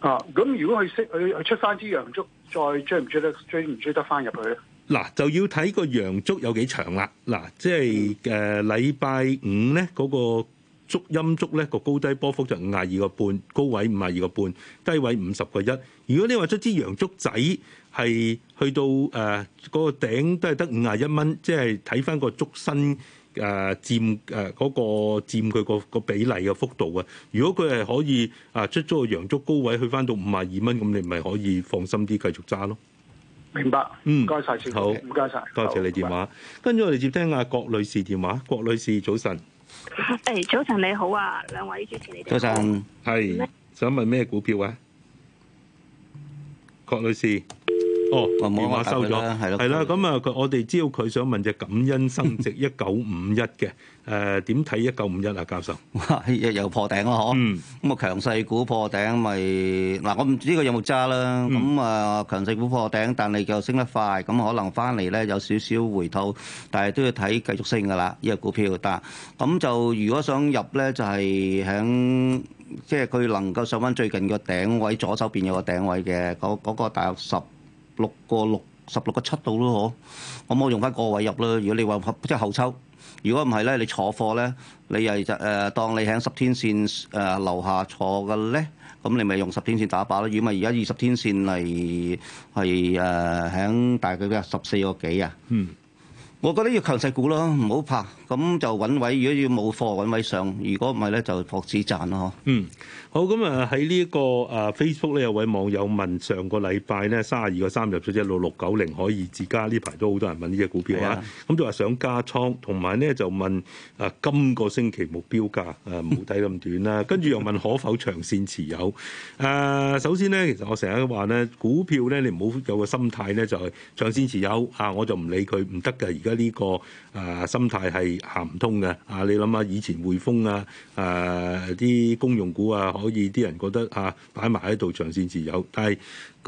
啊！咁如果佢識佢出翻支陽燭，再追唔追得追唔追得翻入去咧？嗱、啊，就要睇個陽燭有幾長啦。嗱、啊，即係誒禮拜五咧嗰、嗰個燭陰燭咧、嗰個高低波幅就五廿二個半，高位五廿二個半，低位五十個一。如果你話出支陽燭仔。係去到誒嗰個頂都係得五十一蚊，即係睇翻個燭身誒佔誒嗰個佔佢個個比例嘅幅度啊！如果佢係可以啊出咗個陽燭高位去翻到五十二蚊，咁你咪可以放心啲繼續揸咯。明白，嗯，唔該曬先，好唔該曬，多謝你電話。跟住我哋接聽阿郭女士電話，郭女士早晨。誒，早晨你好啊，兩位主持人。早晨，係想問咩股票啊？郭女士。哦，電話收咗，係咯，係啦。咁啊，我哋知道佢想問隻感恩生殖一九五一嘅，誒點睇一九五一啊，教授？又破頂咯，嗬。咁啊，強勢股破頂咪嗱，我唔知呢個有冇揸啦。咁啊，強勢股破頂，但係又升得快，咁可能翻嚟咧有少少回吐，但係都要睇繼續升噶啦，呢個股票。但係咁就如果想入咧，就係喺即係佢能夠上翻最近個頂位，左手邊有個頂位嘅，嗰嗰個大約十六個六十六個七度咯，我我冇用翻個位入啦。如果你話即係後抽，如果唔係咧，你坐貨咧，你係就誒當你喺十天線誒、呃、樓下坐嘅咧，咁你咪用十天線打靶咯。如果咪而家二十天線嚟係誒喺大概嘅十四個幾啊？嗯，我覺得要強勢股咯，唔好怕。咁就揾位，如果要冇貨揾位上；如果唔係咧，就博子賺咯。嗯，好咁啊！喺呢一個啊，Facebook 咧有位網友問：上個禮拜咧卅二個三入咗一六六九零，可以自加？呢排都好多人問呢隻股票是的 啊。咁佢話想加倉，同埋咧就問啊，今個星期目標價啊，唔好睇咁短啦、啊。跟住又問可否長線持有？誒、啊，首先咧，其實我成日都話咧，股票咧，你唔好有個心態咧，就係長線持有啊，我就唔理佢，唔得㗎。而家呢個啊心態係。行唔通嘅啊！你諗下以前匯豐啊、誒啲公用股啊，可以啲人覺得啊，擺埋喺度長線持有，但係，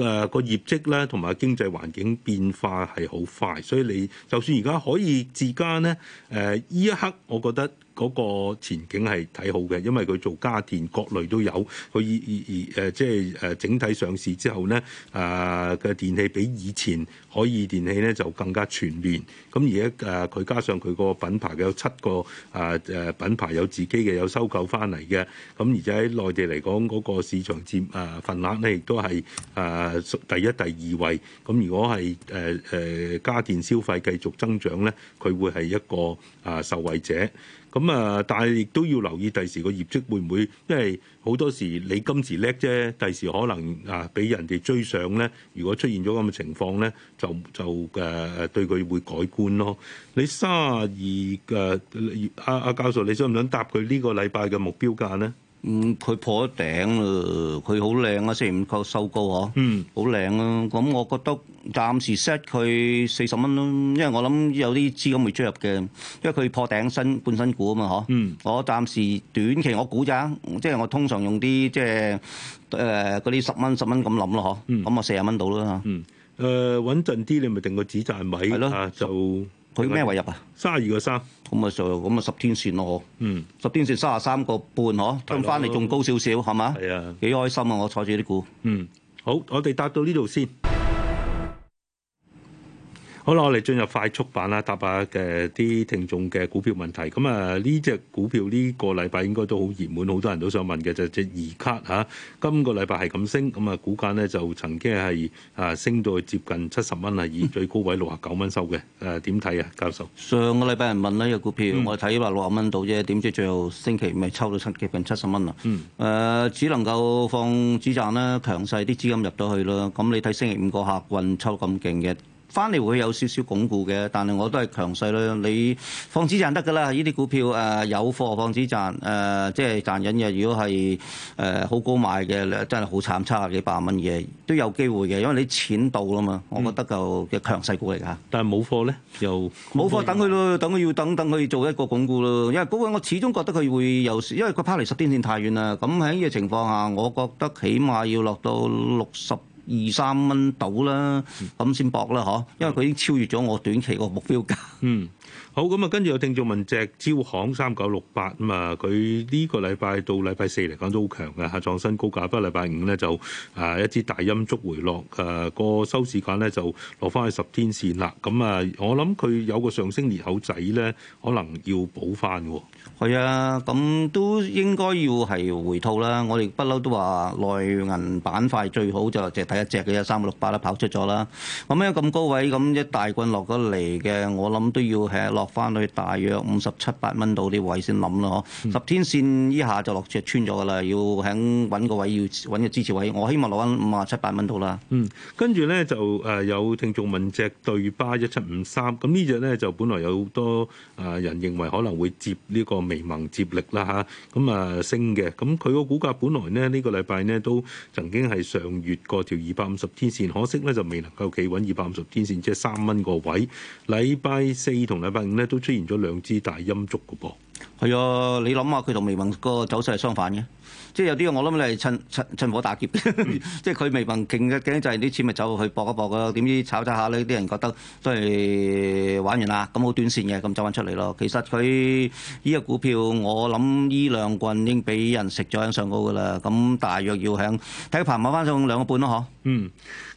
誒個業績啦，同埋經濟環境變化係好快，所以你就算而家可以自家咧，誒、呃、依一刻，我覺得嗰個前景係睇好嘅，因為佢做家電各類都有，佢而而誒即係誒整體上市之後咧，誒、呃、嘅電器比以前海爾電器咧就更加全面，咁而家誒佢加上佢個品牌有七個誒誒、呃、品牌有自己嘅有收購翻嚟嘅，咁、呃、而且喺內地嚟講嗰個市場佔誒份額咧亦都係誒。呃誒第一、第二位咁，如果係誒誒家電消費繼續增長咧，佢會係一個啊、呃、受惠者。咁啊，但係亦都要留意第時個業績會唔會，因為好多時你今次叻啫，第時可能啊俾人哋追上咧。如果出現咗咁嘅情況咧，就就誒誒、呃、對佢會改觀咯。你三二嘅阿阿教授，你想唔想答佢呢個禮拜嘅目標價咧？嗯，佢破咗頂啦，佢好靚啊，雖然夠收高嗬，啊、嗯，好靚啊，咁我覺得暫時 set 佢四十蚊咯，因為我諗有啲資金未出入嘅，因為佢破頂新半新股嘛啊嘛嗬，嗯，我暫時短期我估咋，即係我通常用啲即係誒嗰啲十蚊十蚊咁諗咯嗬，咁我四十蚊到啦，嗯，誒、呃、穩陣啲你咪定個止賺咪？係對咯、啊、就。佢咩位入啊？三十二個三，咁啊就咁啊十天線咯嗬。嗯，十天線三十三個半嗬，跟翻嚟仲高少少，係嘛？係啊的，幾開心啊！我坐住啲股。嗯，好，我哋達到呢度先。好啦，我哋進入快速版啦，答下嘅啲聽眾嘅股票問題。咁啊，呢隻股票呢個禮拜應該都好熱門，好多人都想問嘅就即、是、二卡嚇、啊。今個禮拜係咁升，咁啊，股價呢就曾經係啊升到接近七十蚊啊，以最高位六、嗯、啊九蚊收嘅。誒點睇啊，教授？上個禮拜人問呢隻、這個、股票、嗯、我睇話六十蚊到啫，點知最後星期五咪抽到七接近七十蚊啦？嗯，誒、呃、只能夠放資賺啦，強勢啲資金入到去咯。咁你睇星期五個客運抽咁勁嘅。翻嚟會有少少鞏固嘅，但係我都係強勢啦。你放止賺得㗎啦，呢啲股票誒有貨放止賺誒，即係賺緊嘅。如果係誒好高賣嘅，真係好慘，差幾百蚊嘅都有機會嘅，因為你錢到啦嘛。我覺得就嘅強勢股嚟㗎。但係冇貨咧，又冇貨等佢咯，等佢要等等佢做一個鞏固咯。因為嗰個我始終覺得佢會有，因為佢拋離十天線太遠啦。咁喺呢個情況下，我覺得起碼要落到六十。二三蚊到啦，咁先搏啦，嗬。因為佢已經超越咗我短期個目標價。嗯，好咁啊，跟住有聽眾問，隻招行三九六八嘛，佢呢個禮拜到禮拜四嚟講都好強嘅，創新高價。不過禮拜五咧就啊一支大陰燭回落，誒個收市價咧就落翻去十天線啦。咁啊，我諗佢有個上升裂口仔咧，可能要補翻喎。係啊，咁都應該要係回吐啦。我哋不嬲都話內銀板塊最好就就睇一隻嘅，三六六八啦跑出咗啦。咁咧咁高位咁一大棍落咗嚟嘅，我諗都要係落翻去大約五十七八蚊度啲位先諗啦。十天線以下就落穿穿咗㗎啦，要喺揾個位要揾個支持位，我希望落翻五十七八蚊度啦。嗯，跟住咧就誒有、呃嗯嗯嗯呃、聽眾問隻對巴一七五三，咁、嗯嗯、呢、呃、隻咧就本來有好多誒人認為可能會接呢、這個。微盟接力啦嚇，咁啊升嘅，咁佢個股價本來呢、這個、呢個禮拜呢都曾經係上月過條二百五十天線，可惜呢就未能夠企穩二百五十天線，即係三蚊個位。禮拜四同禮拜五呢都出現咗兩支大陰燭嘅噃，係啊，你諗下佢同微盟個走勢係相反嘅。即係有啲我諗你係趁趁趁火打劫， 即係佢未憑勁嘅驚就啲錢咪走去搏一搏咯。點知炒咗下呢，啲人覺得都係、欸、玩完啦，咁好短線嘅，咁走翻出嚟咯。其實佢依個股票我諗呢兩棍已經俾人食咗喺上高噶啦，咁大約要響睇下盤買翻上兩個半咯，嗬？嗯。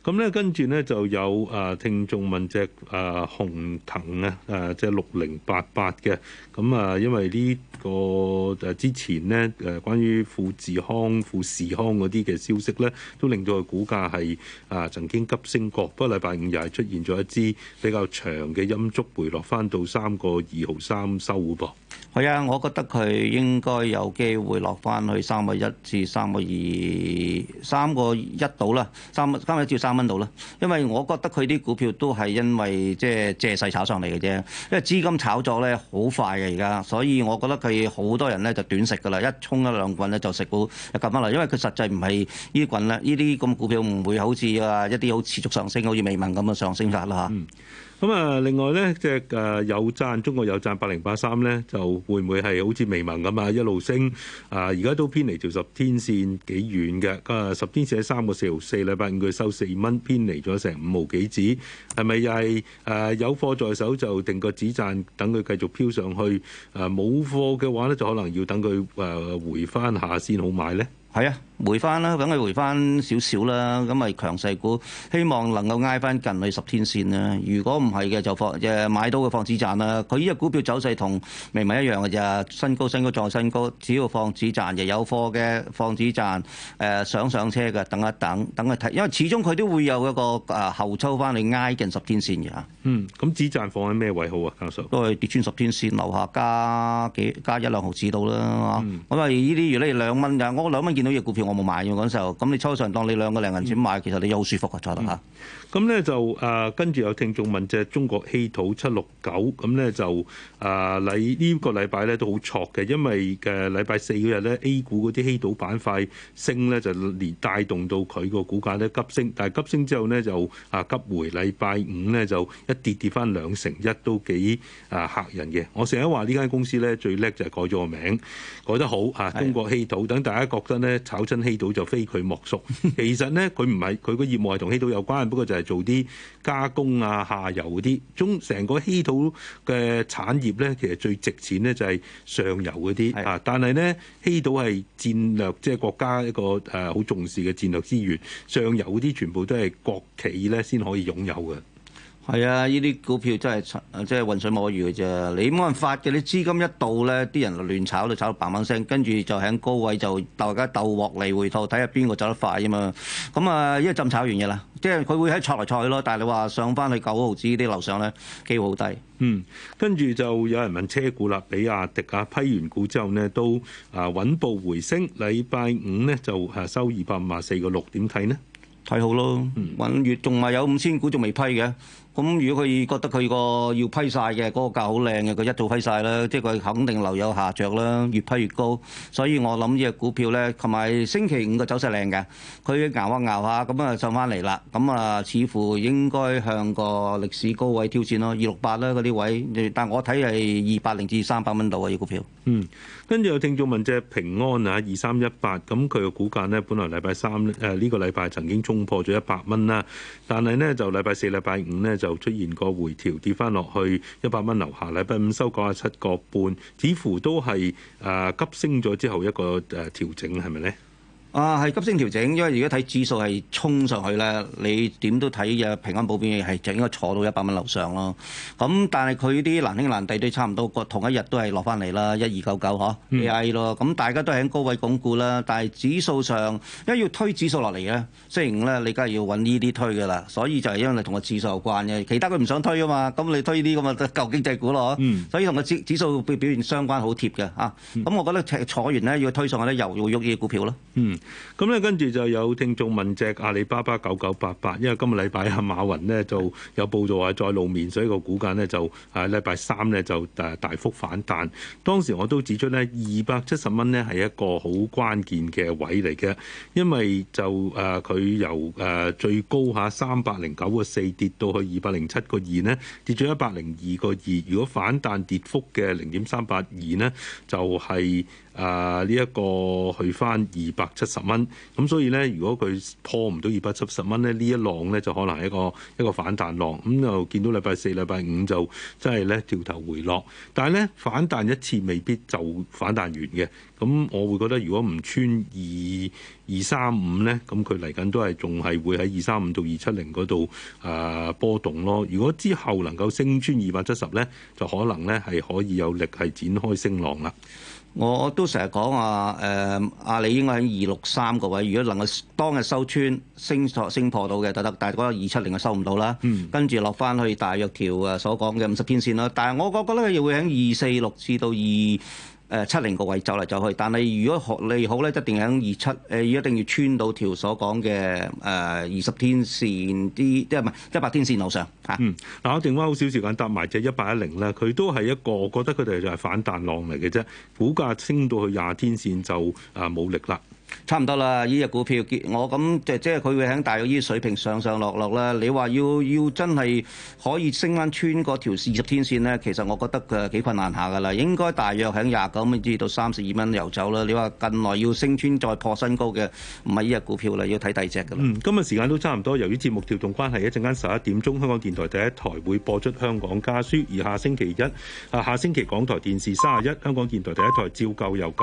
咁咧跟住咧就有啊聽眾問隻啊鴻騰啊誒，即係六零八八嘅咁啊，因為呢、這個誒、啊、之前呢誒關於富士康、富士康嗰啲嘅消息咧，都令到佢股價係啊曾經急升過，不過禮拜五又係出現咗一支比較長嘅陰燭，回落返到三個二毫三收噃。係啊，我覺得佢應該有機會落翻去三個一至三個二、三個一到啦，三三個一至三蚊到啦。因為我覺得佢啲股票都係因為即係借勢炒上嚟嘅啫。因為資金炒作咧好快嘅而家，所以我覺得佢好多人咧就短食噶啦，一衝一兩棍咧就食到一撳蚊落。因為佢實際唔係呢啲棍咧，呢啲咁股票唔會好似啊一啲好持續上升，好似微盟咁嘅上升法啦嚇。嗯。咁啊，另外咧，即係誒有贊，中國有贊，八零八三咧，就會唔會係好似微盟咁啊，一路升啊？而家都偏離條十天線幾遠嘅。咁啊，十天線喺三個四毫四，禮拜五，佢收四蚊，偏離咗成五毫幾紙，係咪又係誒有貨在手就定個指贊，等佢繼續飄上去？誒冇貨嘅話咧，就可能要等佢誒回翻下先好買咧。係啊。回翻啦，等佢回翻少少啦，咁咪強勢股，希望能夠挨翻近佢十天線啦。如果唔係嘅，就放誒買到嘅放止賺啦。佢依隻股票走勢同明明一樣嘅啫，新高新高再新高，只要放止賺，就有貨嘅放止賺，誒想上車嘅等一等，等佢睇，因為始終佢都會有一個誒後抽翻嚟挨近十天線嘅嚇。嗯，咁止賺放喺咩位好啊，教授？都係跌穿十天線留下加幾加一兩毫子到啦，嚇。咁啊依啲如你兩蚊嘅，我兩蚊見到隻股票。我冇買，嘅嗰陣時候，咁你初上當，你兩個零銀錢買，嗯、其實你又好舒服嘅，坐得吓。嗯咁咧、嗯、就誒跟住有聽眾問隻中國稀土七六九，咁咧就誒禮呢個禮拜咧都好挫嘅，因為誒禮拜四嗰日咧 A 股嗰啲稀土板塊升咧就連帶動到佢個股價咧急升，但係急升之後呢，就啊急回，禮拜五呢，就一跌跌翻兩成一都幾啊嚇人嘅。我成日話呢間公司咧最叻就係改咗個名，改得好嚇、啊、中國稀土，等的大家覺得呢炒親稀土就非佢莫屬。 其實呢，佢唔係佢個業務係同稀土有關，不過就係、是。做啲加工啊，下游啲，中成個稀土嘅產業咧，其實最值錢咧就係上游嗰啲啊。是的 但係咧，稀土係戰略，即係國家一個誒好重視嘅戰略資源。上游啲全部都係國企咧先可以擁有嘅。係啊！呢啲股票真係即係混水摸魚嘅啫。你冇人發嘅，你資金一到咧，啲人就亂炒，炒就炒到嘭嘭聲，跟住就喺高位就大家鬥獲利回吐，睇下邊個走得快吖嘛。咁、嗯、啊，一陣炒完嘅啦，即係佢會喺挫嚟挫去咯。但係你話上翻去九毫紙啲樓上咧，機會好低。嗯，跟住就有人問車股啦，比亞迪啊批完股之後呢，都啊穩步回升，禮拜五呢，就收二百五十四個六，點睇呢？睇好咯，穩、嗯嗯、月仲話有五千股仲未批嘅。咁如果佢覺得佢個要批晒嘅，嗰、那個價好靚嘅，佢一早批晒啦，即係佢肯定留有下着啦，越批越高。所以我諗呢隻股票咧，同埋星期五嘅走勢靚嘅，佢熬下熬下咁啊，上翻嚟啦。咁啊，似乎應該向個歷史高位挑戰咯，二六八啦嗰啲位。但係我睇係二百零至三百蚊度啊，呢股票。嗯，跟住有聽眾問隻平安啊，二三一八，咁佢個股價呢，本來禮拜三誒呢、呃這個禮拜曾經衝破咗一百蚊啦，但係呢就禮拜四、禮拜五呢。就出現個回調，跌翻落去一百蚊樓下，禮拜五收高啊七個半，似乎都係誒急升咗之後一個誒調整，係咪呢？啊，係急升調整，因為如果睇指數係衝上去咧，你點都睇嘅平安保變嘢係就應該坐到一百蚊樓上咯。咁、嗯、但係佢啲難兄難弟都差唔多，同一日都係落翻嚟啦，一二九九嗬，悲哀咯。咁、啊嗯、大家都喺高位鞏固啦。但係指數上，因為要推指數落嚟嘅，雖然咧你梗係要揾呢啲推嘅啦，所以就係因為同個指數有關嘅，其他佢唔想推啊嘛。咁你推呢啲咁嘅舊經濟股咯。嗯、所以同個指指數表表現相關好貼嘅嚇。咁、啊嗯嗯、我覺得坐完咧要推上去啲又會喐啲股票咯。嗯。咁咧，跟住就有聽眾問隻阿里巴巴九九八八，因為今日禮拜阿馬雲呢就有報道話再露面，所以個股價呢就啊禮拜三呢就誒大幅反彈。當時我都指出呢，二百七十蚊呢係一個好關鍵嘅位嚟嘅，因為就誒佢由誒最高下三百零九個四跌到去二百零七個二呢，跌咗一百零二個二。如果反彈跌幅嘅零點三八二呢，就係、是。啊！呢一個去翻二百七十蚊咁，所以呢，如果佢破唔到二百七十蚊呢，呢一浪呢，就可能係一個一個反彈浪咁。就見到禮拜四、禮拜五就真係呢掉頭回落，但係呢，反彈一次未必就反彈完嘅。咁我會覺得，如果唔穿二二三五呢，咁佢嚟緊都係仲係會喺二三五到二七零嗰度啊波動咯。如果之後能夠升穿二百七十呢，就可能呢係可以有力係展開升浪啦。我都成日講話，誒、啊，阿里應該喺二六三個位，如果能夠當日收穿，升錯升破到嘅得得，但係嗰二七零就收唔到啦。嗯、跟住落翻去大約條啊所講嘅五十天線啦，但係我覺得咧，佢又會喺二四六至到二。誒七零個位走嚟走去，但係如果學利好咧，一定喺二七誒，一定要穿到條所講嘅誒二十天線啲，即係唔係一百天線路上嚇。啊、嗯，嗱我定翻好少時間搭埋隻一八一零啦，佢都係一個，覺得佢哋就係反彈浪嚟嘅啫，股價升到去廿天線就啊冇、呃、力啦。差唔多啦，依隻股票結我咁即即係佢會喺大約依水平上上落落啦。你話要要真係可以升翻穿嗰條二十天線呢？其實我覺得佢幾困難下噶啦。應該大約喺廿九蚊至到三十二蚊游走啦。你話近來要升穿再破新高嘅唔係依隻股票啦，要睇第二隻噶啦。嗯，今日時間都差唔多，由於節目調動關係，一陣間十一點鐘香港電台第一台會播出香港家書，而下星期一啊下星期港台電視三十一香港電台第一台照舊有。